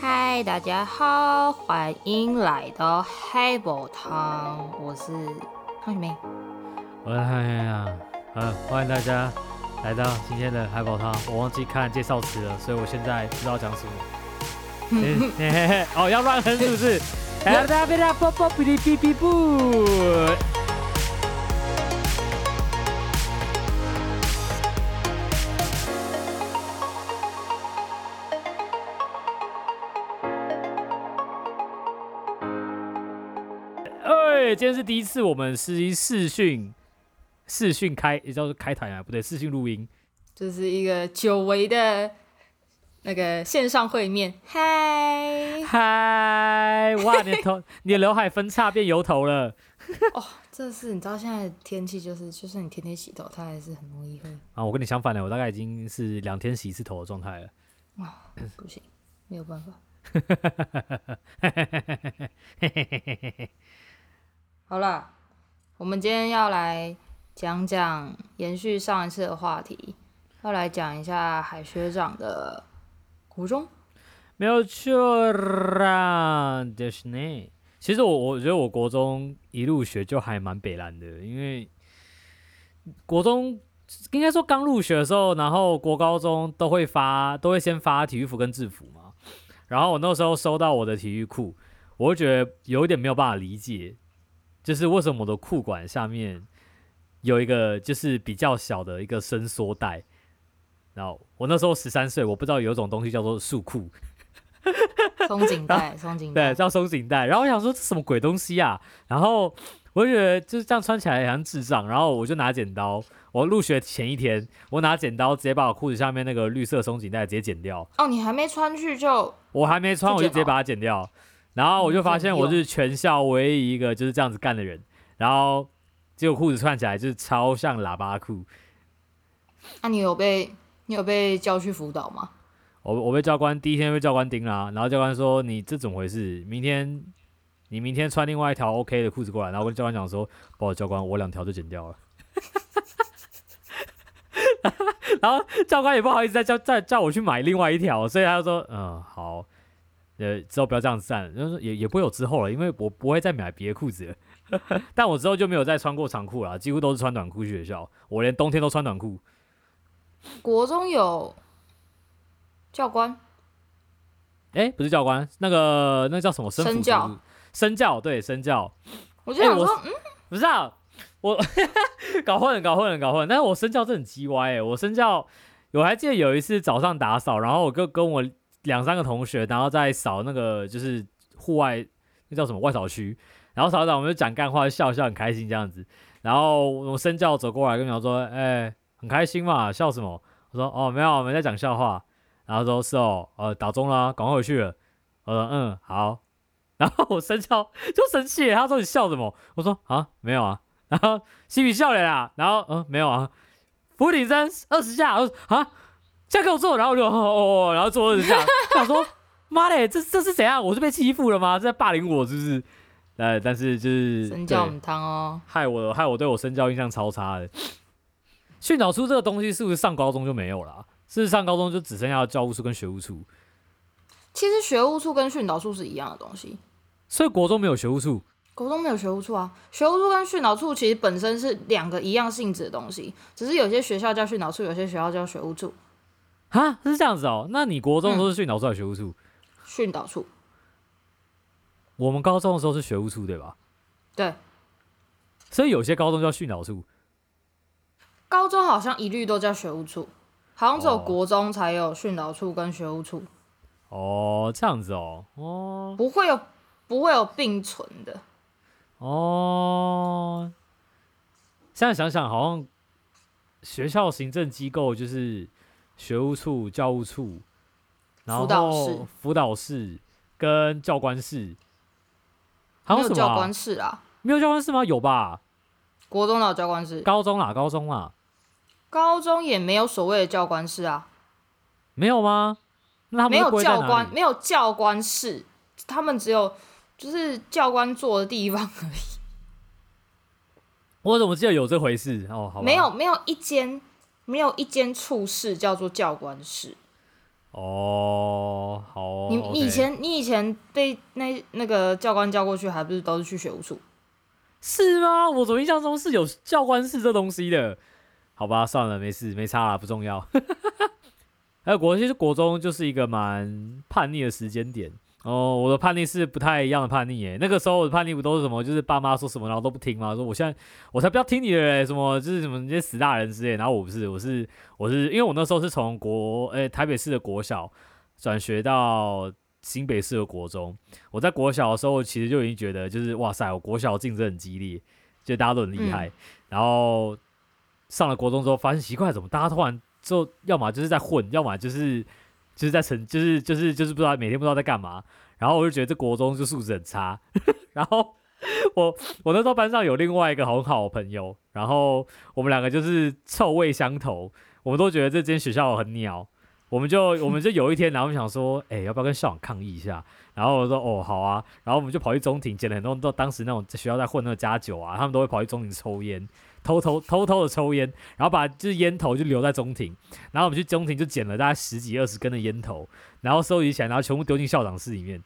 嗨，大家好，歡迎來到海寶湯，我是湯小明，我是海燕啊、哎，歡迎大家來到今天的海寶湯，我忘記看介紹詞了，所以我現在不知道講什麼，哦、 欸欸喔，要亂哼是 不是？哎呀，打今天是第一次我們是一視訊，視訊開也叫做開台啊，不對，視訊錄音，就是一個久違的，那個線上會面。嗨嗨，哇， 你的頭， 你的劉海分叉變油頭了。 哦，這是你知道現在天氣就是，就算，是，你天天洗頭，它還是很容易會。啊，我跟你相反的，我大概已經是兩天洗一次頭的狀態了。哇，不行，沒有辦法。 好了，我們今天要來講講延續上一次的話題，要來講一下海學長的國中。沒有錯啦，這、就是內。其實我我覺得，我國中一入學就還蠻北藍的，因為國中應該說剛入學的時候，然後國高中都會發，都會先發體育服跟制服嘛。然後我那時候收到我的體育褲，我就覺得有一點沒有辦法理解。就是為什麼我的褲管下面有一個就是比較小的一個伸縮帶，然後我那時候十三歲，我不知道有一種東西叫做束褲，鬆緊帶，鬆緊對，叫鬆緊帶。然後我想說這是什麼鬼東西啊？然後我就覺得就是這樣穿起來好像智障。然後我就拿剪刀，我入學前一天，我拿剪刀直接把我褲子下面那個綠色鬆緊帶直接剪掉。哦，你還沒穿去就？我還沒穿，我就直接把它剪掉。然後我就發現我是全校唯一一個就是這樣子幹的人，然後這個褲子穿起來就是超像喇叭褲。那你有被你有被叫去輔導嗎？我我被教官第一天被教官盯了，然後教官說，你這怎麼回事？明天你明天穿另外一條 OK 的褲子過來，然後跟教官講說，不好教官，我兩條都剪掉了。然後教官也不好意思再叫再叫我去買另外一條，所以他就說嗯好。呃，之後不要這樣子站，就是也也不會有之後了，因為我不會再買別的褲子了呵呵。但我之後就沒有再穿過長褲了啦，幾乎都是穿短褲去學校，我連冬天都穿短褲。國中有教官？哎、欸，不是教官，那個那個，叫什麼？生教。生教對，生教。我就想說，欸嗯、不是啊，我 搞混了，搞混了，搞混了。但是我生教真的很雞歪哎，我生教，我還記得有一次早上打掃，然後我就跟我。兩三個同學，然後再掃那個就是戶外那叫什麼外掃區，然後掃掃我們就講幹話，就笑一笑很開心這樣子。然後我生教走過來跟他說：“哎、欸，很開心嘛，笑什麼？”我說：“哦，沒有，我們在講笑話。”然後說：“是哦，呃，打鐘啦、啊，趕快回去了。”我說：“嗯，好。”然後我生教就生氣，他說：“你笑什麼？”我說：“啊，沒有啊。”然後嬉皮笑臉啊，然後嗯、啊，沒有啊，伏地挺身二十下，我說：“啊。”再給我做，然後我就哦，哦，哦，然後做了一下，他 說媽嘞，這這是怎樣？我是被欺負了嗎？這在霸凌我是不是？呃，但是就是生薑湯哦，害我害我對我生薑印象超差的。訓 導處這個東西是不是上高中就沒有了、啊？是不是上高中就只剩下教務處跟學務處？其實學務處跟訓導處是一樣的東西。所以國中沒有學務處，國中沒有學務處啊。學務處跟訓導處其實本身是兩個一樣性質的東西，只是有些學校叫訓導處，有些學校叫學務處。啊，是這樣子哦、喔。那你國中都是訓導處還是學務處？嗯，訓導處。我們高中的時候是學務處，對吧？對。所以有些高中叫訓導處。高中好像一律都叫學務處，好像只有國中才有訓導處跟學務處。哦，哦，這樣子哦、喔。哦。不會有，不會有並存的。哦。現在想想，好像學校行政機構就是。學務處、教務處，然後輔導室、輔導室跟教官室，還有什麼啊？沒有教官室啊？沒有教官室嗎？有吧？國中都有教官室，高中啦，高中啦，高中也沒有所謂的教官室啊，沒有嗎？那他們沒有教官，沒有教官室，他們只有就是教官坐的地方而已。我怎麼記得有這回事哦？Oh, 好，沒有，沒有一間。沒有一間處室叫做教官室。哦，好。你以前，你以前被那那個教官叫過去，還不是都是去學務處？是嗎？我總印象中是有教官室這東西的。好吧，算了，沒事，沒差啦，不重要。 還有國，其實國中就是一個蠻叛逆的時間點。哦，我的叛逆是不太一樣的叛逆誒。那個時候我的叛逆不都是什麼，就是爸媽說什麼然後都不聽嗎？說我現在我才不要聽你的誒，什麼就是什麼那些死大人之類。然後我不是，我是我是，因為我那時候是從國誒、欸、台北市的國小轉學到新北市的國中。我在國小的時候其實就已經覺得，就是哇塞，我國小競爭很激烈，就大家都很厲害、嗯。然後上了國中之後，發現奇怪，怎麼大家突然就要麼就是在混，要麼就是。就是在成，就是就是就是不知道每天不知道在幹嘛，然後我就覺得這國中就素質很差，然後我我那時候班上有另外一個很好的朋友，然後我們兩個就是臭味相投，我們都覺得這間學校很鳥。我們就我們就有一天，然後我們想說，哎、欸，要不要跟校長抗議一下？然後我說，哦，好啊。然後我們就跑去中庭撿了很多，都當時那種在學校在混那個加九啊，他們都會跑去中庭抽菸，偷偷偷偷的抽菸，然後把這菸頭就留在中庭。然後我們去中庭就撿了大概十幾二十根的菸頭，然後收集起來，然後全部丟進校長室裡面。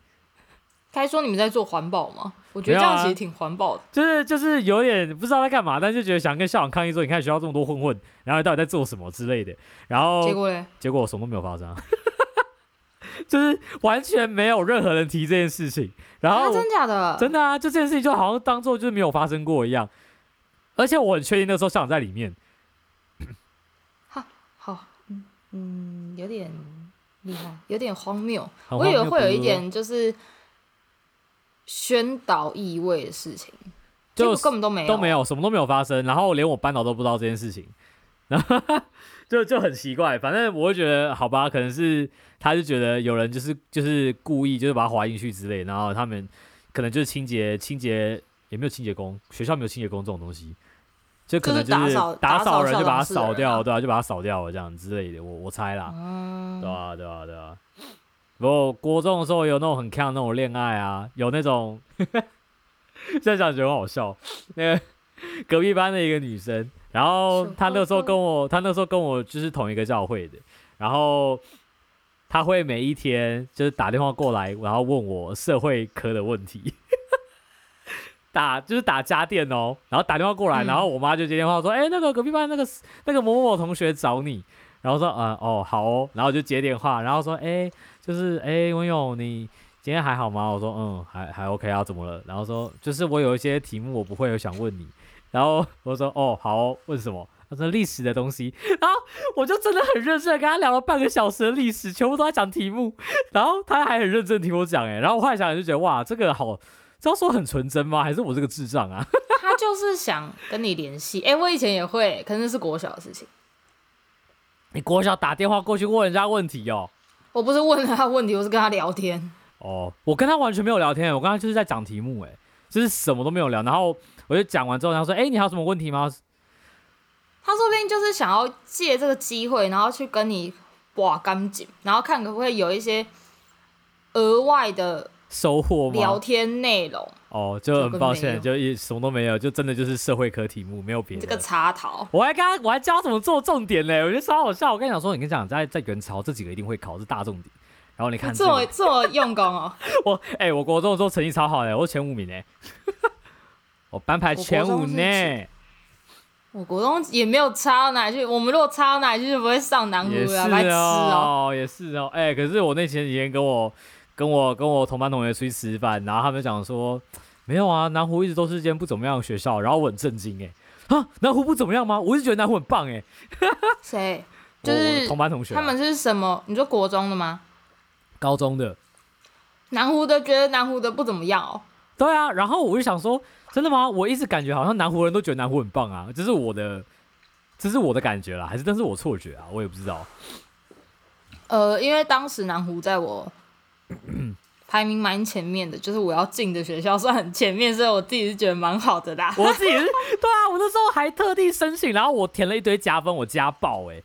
他還說你們在做環保嗎？我覺得這樣其實挺環保的、啊，就是就是有點不知道在幹嘛，但是就覺得想跟校長抗議說：“你看學校這麼多混混，然後到底在做什麼之類的。”然後結果呢？結果什麼都沒有發生， 就是完全沒有任何人提這件事情。然後、啊、真的？真的啊！就這件事情就好像當做就是沒有發生過一樣。而且我很確定那時候校長在裡面。哈，好，嗯嗯，有點厲害，有點荒謬。我以為會有一點，就是。宣導意味的事情，就根本都沒有都沒有什麼都沒有發生，然後連我班導都不知道這件事情，然後 就就很奇怪。反正我會覺得，好吧，可能是他就覺得有人就是就是故意就是把它劃進去之類，然後他們可能就是清潔清潔，也沒有清潔工，學校沒有清潔工這種東西，就可能就是、就是、打掃人就把它掃掉、啊，對啊，就把它掃掉了這樣之類的，我我猜啦、嗯，對啊，對啊，對啊。我國中的時候有那種很 can 的那種戀愛啊，有那種呵呵，現在想，覺得很好笑。那個隔壁班的一個女生，然後她那時候跟我，她那時候跟我就是同一個教會的，然後她會每一天就是打電話過來，然後問我社會科的問題，呵呵，打就是打家電哦、喔，然後打電話過來，然後我媽就接電話說：“哎、嗯欸，那個隔壁班那個那個某，某某同學找你。”然後說，嗯哦，好哦，然後我就接電話，然後說，哎，就是，哎，文勇，你今天還好嗎？我說，嗯，還還 OK 啊，怎麼了？然後說，就是我有一些題目我不會，我想問你。然後我說，哦，好哦，問什麼？他說歷史的東西。然後我就真的很認真的跟他聊了半個小時的歷史，全部都在講題目。然後他還很認真聽我講、欸，哎，然後我後來想想就覺得，哇，這個好，這樣說很純真嗎？還是我這個智障啊？他就是想跟你聯繫，哎、 欸，我以前也會，可是那是國小的事情。你國小打電話過去問人家問題哦？我不是問他問題，我是跟他聊天哦。Oh, 我跟他完全沒有聊天，我剛剛就是在講題目，誒，就是什麼都沒有聊。然後我就講完之後，他說：“誒，你還有什麼問題嗎？”他說不定就是想要借這個機會，然後去跟你挖乾淨，然後看可不可以有一些額外的。收穫嗎聊天內容哦，oh, 就很抱歉，就一什麼都沒有，就真的就是社會科題目，沒有別的。這個插頭，我還剛我還教怎麼做重點呢，我覺得超好笑。我跟你講說，你跟你講，在在元朝這幾個一定會考，是大重點。然後你看這麼這麼用功哦、喔， 我哎、欸，我國中時候成績超好的我是前五名呢， 我班排前五呢。我國中也沒有差到哪裡去，我們如果差到哪裡去，就不會上南湖了。來，是哦，也是哦、喔。哎、喔喔欸，可是我那前幾天跟我。跟我跟我同班同學出去吃飯，然後他們講說，沒有啊，南湖一直都是一間不怎麼樣的學校，然後我很震驚哎、欸，啊，南湖不怎麼樣嗎？我是覺得南湖很棒哎、欸，誰？ 就是同班同學、啊。他們是什麼？你說國中的嗎？高中的。南湖的覺得南湖的不怎麼樣哦。對啊，然後我就想說，真的嗎？我一直感覺好像南湖人都覺得南湖很棒啊，這是我的，這是我的感覺啦，還是但是我錯覺啊？我也不知道。呃，因為當時南湖在我。 排名蠻前面的，就是我要進的學校算很前面，所以我自己是覺得蠻好的啦、啊。我自己是，對啊，我那時候還特地申請，然後我填了一堆加分，我加爆哎、欸！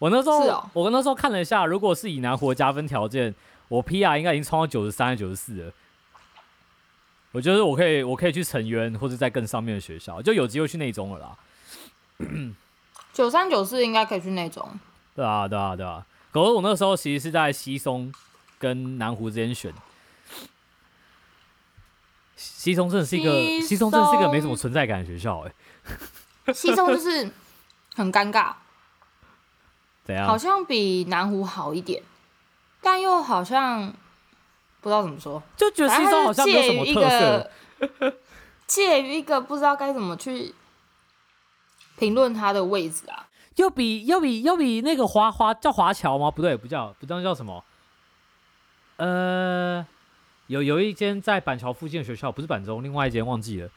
我那時候、哦、我那時候看了一下，如果是以南湖的加分條件，我 P R 應該已經衝到九十三、九十四了。我覺得我可以，我可以去成淵或者在更上面的學校，就有機會去內中了啦。九三九四應該可以去內中 、啊，對啊，對啊，對啊。可是我那時候其實是在西松跟南湖之間選西松，鎮是一個西松鎮是一個沒什麼存在感的學校哎、欸。西松就是很尷尬，怎樣？好像比南湖好一點，但又好像不知道怎麼說，就覺得西松好像沒有什麼特色，介於一個不知道該怎麼去評論它的位置啊。又比又比又比那個華華叫華僑嗎？不對，不叫，不知道叫什麼。呃，有有一間在板橋附近的學校，不是板中，另外一間忘記了。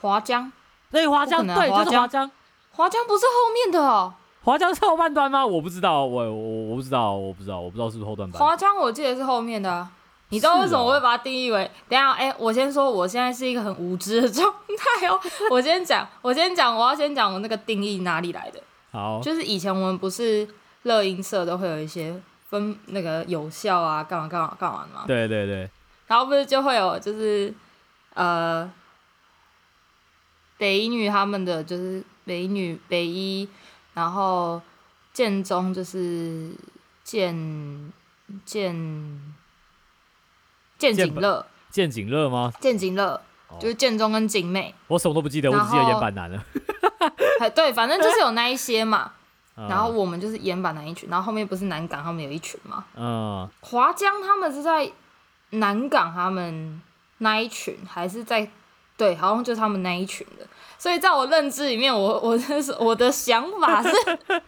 華江，那華江、啊、對江，就是華江，華江不是後面的哦。華江是後半段嗎？我不知道，我我我不知道，我不知道，我不知道是不是後段班。華江我記得是後面的、啊，你知道為什麼我會把它定義為？哦、等一下，哎、欸，我先說，我現在是一個很無知的狀態哦 我講。我先講，我先講，我要先講我那個定義哪裡來的。好，就是以前我們不是熱音社都會有一些。分那個有效啊，幹嘛幹嘛幹嘛嘛？對對對。然後不是就會有，就是呃，北一女他們的就是北一女北一，然後建中就是建建建景樂，建景樂嗎？建景樂，哦，就是建中跟景美。我什麼都不記得，我只記得岩板男了。對，反正就是有那一些嘛。欸 Oh. 然後我們就是岩坂那一群，然後後面不是南港他們有一群嘛，嗯，華江他們是在南港他們那一群，還是在，對，好像就是他們那一群的。所以在我認知裡面，我我真是我的想法是，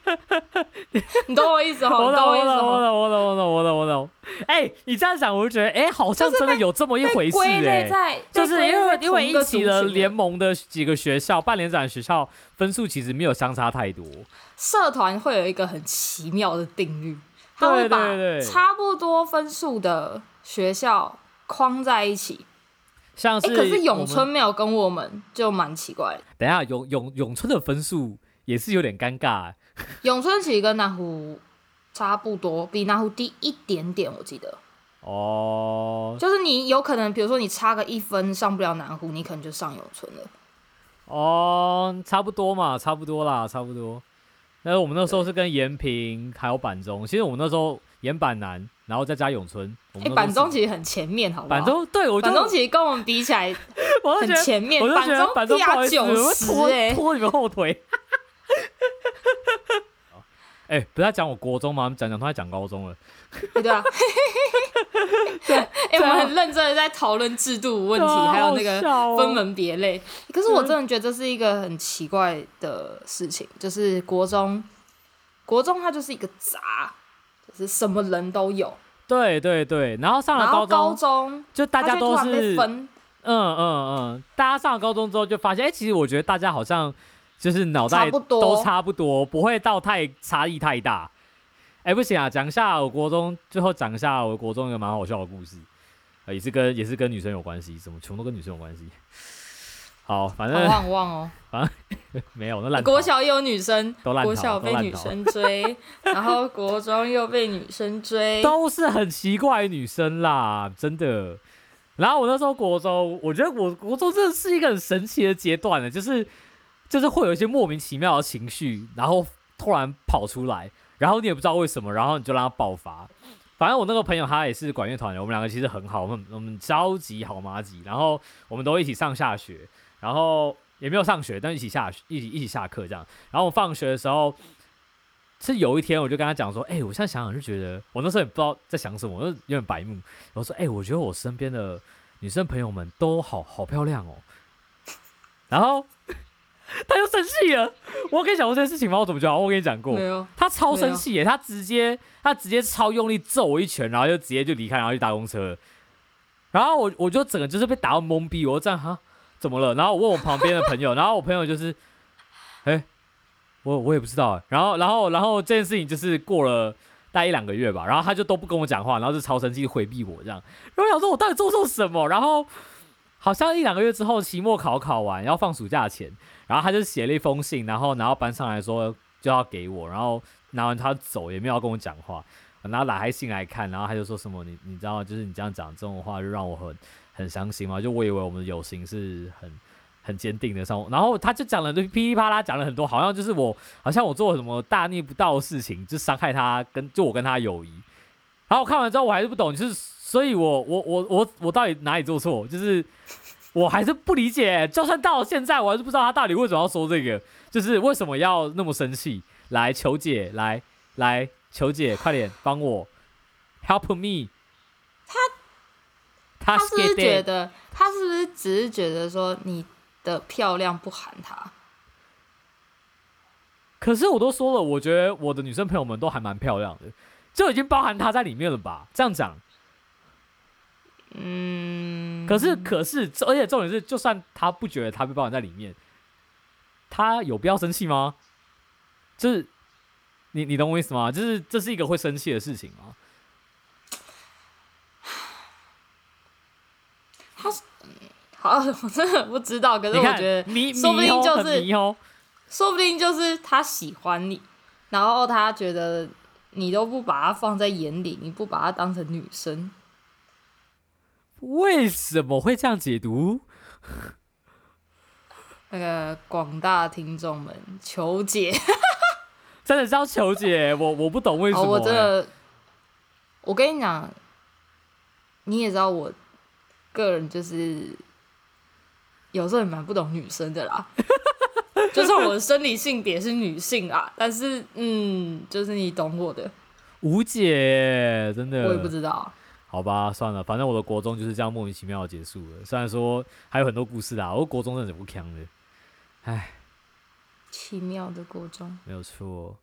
你懂我意思哦， 你懂我意思哦 我懂我懂我懂我懂我懂。哎、欸，你這樣想我就覺得哎、欸，好像真的有這麼一回事、欸就是、在，就是因為因為一起的聯盟的幾個學校、 半聯展的學校分數其實沒有相差太多。對對對對，社團會有一個很奇妙的定律，他會把差不多分數的學校框在一起。像是我們、欸，可是永春沒有跟我們，我們就蠻奇怪。等一下，永永永春的分數也是有點尷尬。永春其實跟南湖差不多，比南湖低一點點，我記得。哦。就是你有可能，比如說你差個一分上不了南湖，你可能就上永春了。哦，差不多嘛，差不多啦，差不多。但是我們那時候是跟延平還有板中，其實我們那時候。岩板男，然後再加永春。哎、欸，板中其實很前面，好不好？板中對我，板中其實跟我們比起來很前面。我就覺得板中壓九十，拖拖你們後腿。哎、欸 欸，不是在講我國中嗎？講講都在講高中了。欸、對啊。 對。哎、 欸，我們很認真的在討論制度問題、啊，還有那個分門別類、啊啊。可是我真的覺得這是一個很奇怪的事情，就是國中，國中它就是一個雜。什麼人都有，對對對，然後，上了高中，高中就大家都是嗯嗯嗯，大家上了高中之後就發現，哎，其實我覺得大家好像就是腦袋都差不多，差不多，不會到太差異太大。哎，不行啊，講一下我國中，最後講一下我國中一個蠻好笑的故事，也是跟，也是跟女生有關係，怎麼窮都跟女生有關係。好，反正旺旺哦，哦，反正呵呵沒有那爛。國小也有女生，都國小被女生追， 然後國中又被女生追，都是很奇怪的女生啦，真的。然後我那時候國中，我覺得我國中真的是一個很神奇的階段呢，就是就是會有一些莫名其妙的情緒，然後突然跑出來，然後你也不知道為什麼，然後你就讓它爆發。反正我那個朋友他也是管樂團的，我們兩個其實很好，我們我們超級好麻吉，然後我們都一起上下學。然後也沒有上學，但一起下一起一起下課這樣。然後我放學的時候，是有一天我就跟他講說：“哎、欸，我現在想想就覺得，我那時候也不知道在想什麼，我就有點白目。”我說：“哎、欸，我覺得我身邊的女生朋友們都好好漂亮哦。 ”然後他就生氣了。我跟你講過這件事情嗎？我怎麼知道？我跟你講過。他超生氣耶！他直接他直接超用力揍我一拳，然後就直接就離開，然後去搭公車。然後我我就整個就是被打到懵逼，我就這樣哈。怎麼了？然後我問我旁邊的朋友，然後我朋友就是，誒，我我也不知道。然後然後然後這件事情就是過了大概一兩個月吧，然後他就都不跟我講話，然後就超生氣迴避我這樣。然後我想說我到底做錯什麼？然後好像一兩個月之後，期末考考完，要放暑假前，然後他就寫了一封信，然後拿到班上來說就要給我，然後拿完他走，也沒有要跟我講話。然後打開信來看，然後他就說什麼你你知道就是你這樣講這種話就讓我很。很傷心嘛，就我以為我們的友情是很很堅定的，然後然後他就講了，就噼裡啪啦講了很多，好像就是我好像我做了什麼大逆不道的事情，就傷害他跟就我跟他友誼。然後我看完之後我還是不懂，就是所以我我我我我到底哪裡做錯？就是我還是不理解，就算到了現在我還是不知道他到底為什麼要說這個，就是為什麼要那麼生氣？來求解，來來求解，快點幫我，Help me。他是不是覺得？他是不是只是覺得說你的漂亮不含他？可是我都說了，我覺得我的女生朋友們都還蠻漂亮的，就已經包含他在裡面了吧？這樣講，嗯。可是，可是，而且重點是，就算他不覺得他被包含在裡面，他有必要生氣嗎？就是你，你懂我意思嗎？就是這是一個會生氣的事情啊。他好，我真的不知道。可是我覺得，說不定就是，說不定就是他喜歡你，然後他覺得你都不把他放在眼裡，你不把他當成女生。為什麼會這樣解讀？那個廣大聽眾們求解， 真的要求解。我我不懂為什麼。我跟你講，你也知道我。個人就是有時候也蠻不懂女生的啦， 就是我的生理性別是女性啊，但是嗯，就是你懂我的，無解，真的，我也不知道。好吧，算了，反正我的國中就是這樣莫名其妙地結束了。雖然說還有很多故事啦，我國中真的無鏘的，唉，奇妙的國中，沒有錯。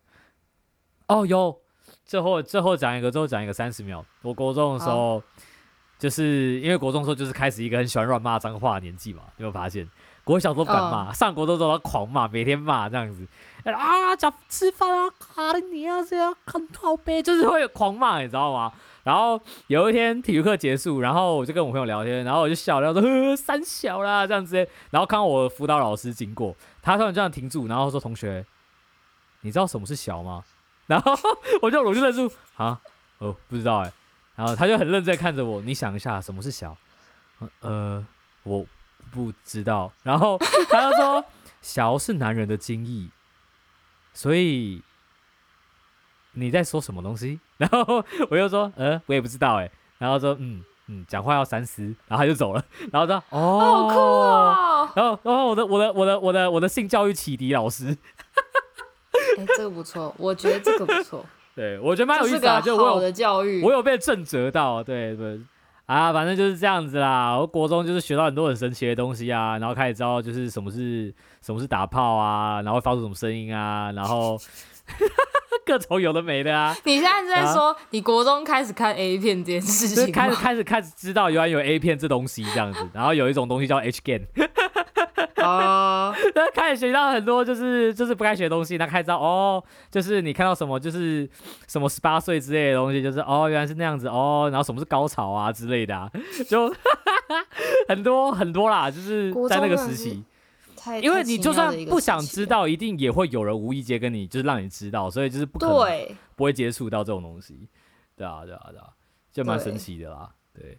哦有，最後最後講一個，最後講一個三十秒。我國中的時候，就是因為國中時候就是開始一個很喜歡亂罵髒話的年紀嘛，有沒有發現？國小都敢罵，uh. 上國中之後他狂罵，每天罵這樣子，啊，講吃飯啊，卡的你啊，這樣很討唄就是會狂罵、欸，你知道嗎？然後有一天體育課結束，然後我就跟我朋友聊天，然後我就笑，他說呵三小啦這樣子、欸，然後看到我輔導老師經過，他突然這樣停住，然後說同學，你知道什麼是洨嗎？然後我就我就愣住，啊，哦，不知道哎、欸。然後他就很認真看着我，你想一下什麼是小。呃，我不知道。然後他就說， 小是男人的精液，所以你在說什麼東西？然後我又說，呃，我也不知道哎。然後說，嗯嗯，講話要三思。然後他就走了。然後他哦，哦好酷哦，然後然後、哦、我的我的我的我的我的，我的性教育啟迪老師，哈、 欸，這個不錯，我覺得這個不錯。 對，我覺得蠻有意思啊！就好的教育，我有，我有被震折到。對對啊，反正就是這樣子啦。我國中就是學到很多很神奇的東西啊，然後開始知道就是什麼是什麼是打炮啊，然後發出什麼聲音啊，然後 各種有的沒的啊。你現在在說、啊、你國中開始看 A 片這件事情，開始、就是、開始開始知道原來有 A 片這東西這樣子， 然後有一種東西叫 H game。 啊，那開始學到很多、就是，就是就是不該學的東西。那開始知道哦，就是你看到什麼，就是什麼十八歲之類的東西，就是哦，原來是那樣子哦。然後什麼是高潮啊之類的、啊，就 很多很多啦。就是在那個時期，個時期、啊，因為你就算不想知道，一定也會有人無意間跟你，就是讓你知道，所以就是不可能不會接觸到這種東西。對啊，對啊，對啊，對啊，就蠻神奇的啦。對，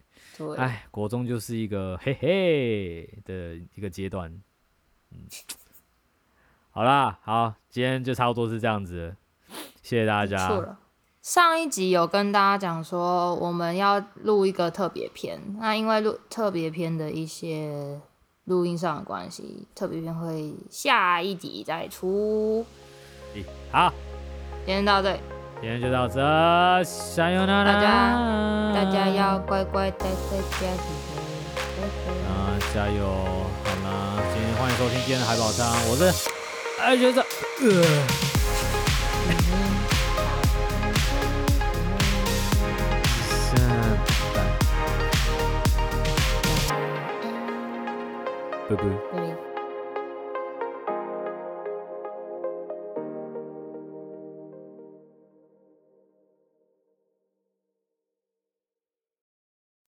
哎，國中就是一個嘿嘿的一個階段。嗯、好啦，好，今天就差不多是這樣子，謝謝大家。錯了，上一集有跟大家講說我們要錄一個特別篇，那因為錄特別篇的一些錄音上的關係，特別篇會下一集再出。欸、好，今天到這裡，今天就到這，加油呢！大家大家要乖乖待在家裡加油，好嗎？收聽今天的海寶桑，我是愛學長，呃。